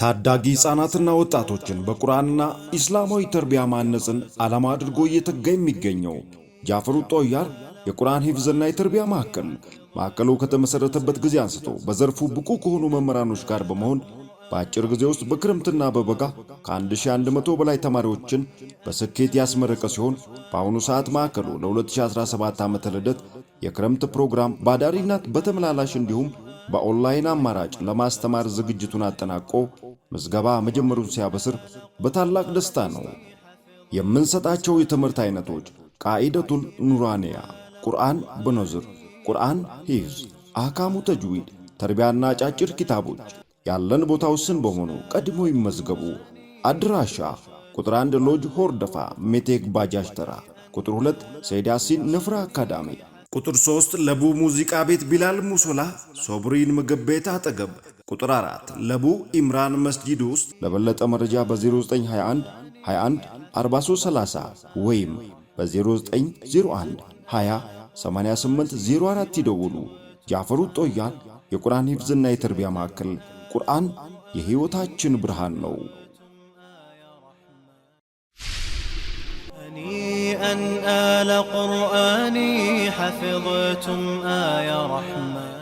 ታዳጊ ህጻናትና ወጣቶችን በቁርአንና ኢስላማዊ ተርቢያ ማነጽን ዓላማ አድርጎ እየተጋ የሚገኘው ጃፈሩ ጦያር የቁርአን ሂፍዝና የተርቢያ ማዕከል ማዕከሉ ከተመሠረተበት ጊዜ አንስቶ በዘርፉ ብቁ ከሆኑ መምህራኖች ጋር በመሆን በአጭር ጊዜ ውስጥ በክረምትና በበጋ ከ1100 በላይ ተማሪዎችን በስኬት ያስመረቀ ሲሆን በአሁኑ ሰዓት ማዕከሉ ለ2017 ዓመተ ልደት የክረምት ፕሮግራም በአዳሪነት በተመላላሽ እንዲሁም በኦንላይን አማራጭ ለማስተማር ዝግጅቱን አጠናቆ ምዝገባ መጀመሩን ሲያበስር በታላቅ ደስታ ነው። የምንሰጣቸው የትምህርት አይነቶች ቃኢደቱል ኑራንያ፣ ቁርአን በኖዝር፣ ቁርአን ሂፍዝ፣ አካሙ ተጅዊድ፣ ተርቢያና አጫጭር ኪታቦች ያለን ቦታ ውስን በሆኑ ቀድሞ ይመዝገቡ። አድራሻ ቁጥር 1 ሎጅ ሆርደፋ ሜቴክ ባጃጅ ተራ፣ ቁጥር 2 ሰይድ ያሲን ንፍራ አካዳሚ ቁጥር 3 ለቡ ሙዚቃ ቤት ቢላል ሙሶላ ሶብሪን ምግብ ቤት አጠገብ። ቁጥር 4 ለቡ ኢምራን መስጂድ ውስጥ። ለበለጠ መረጃ በ0921 21 4330 ወይም በ0901 20 8804 ይደውሉ። ጃፈሩ ጦያል የቁርአን ሂፍዝና የተርቢያ ማዕከል። ቁርአን የሕይወታችን ብርሃን ነው። أن آل قرآني حفظتم آية رحمة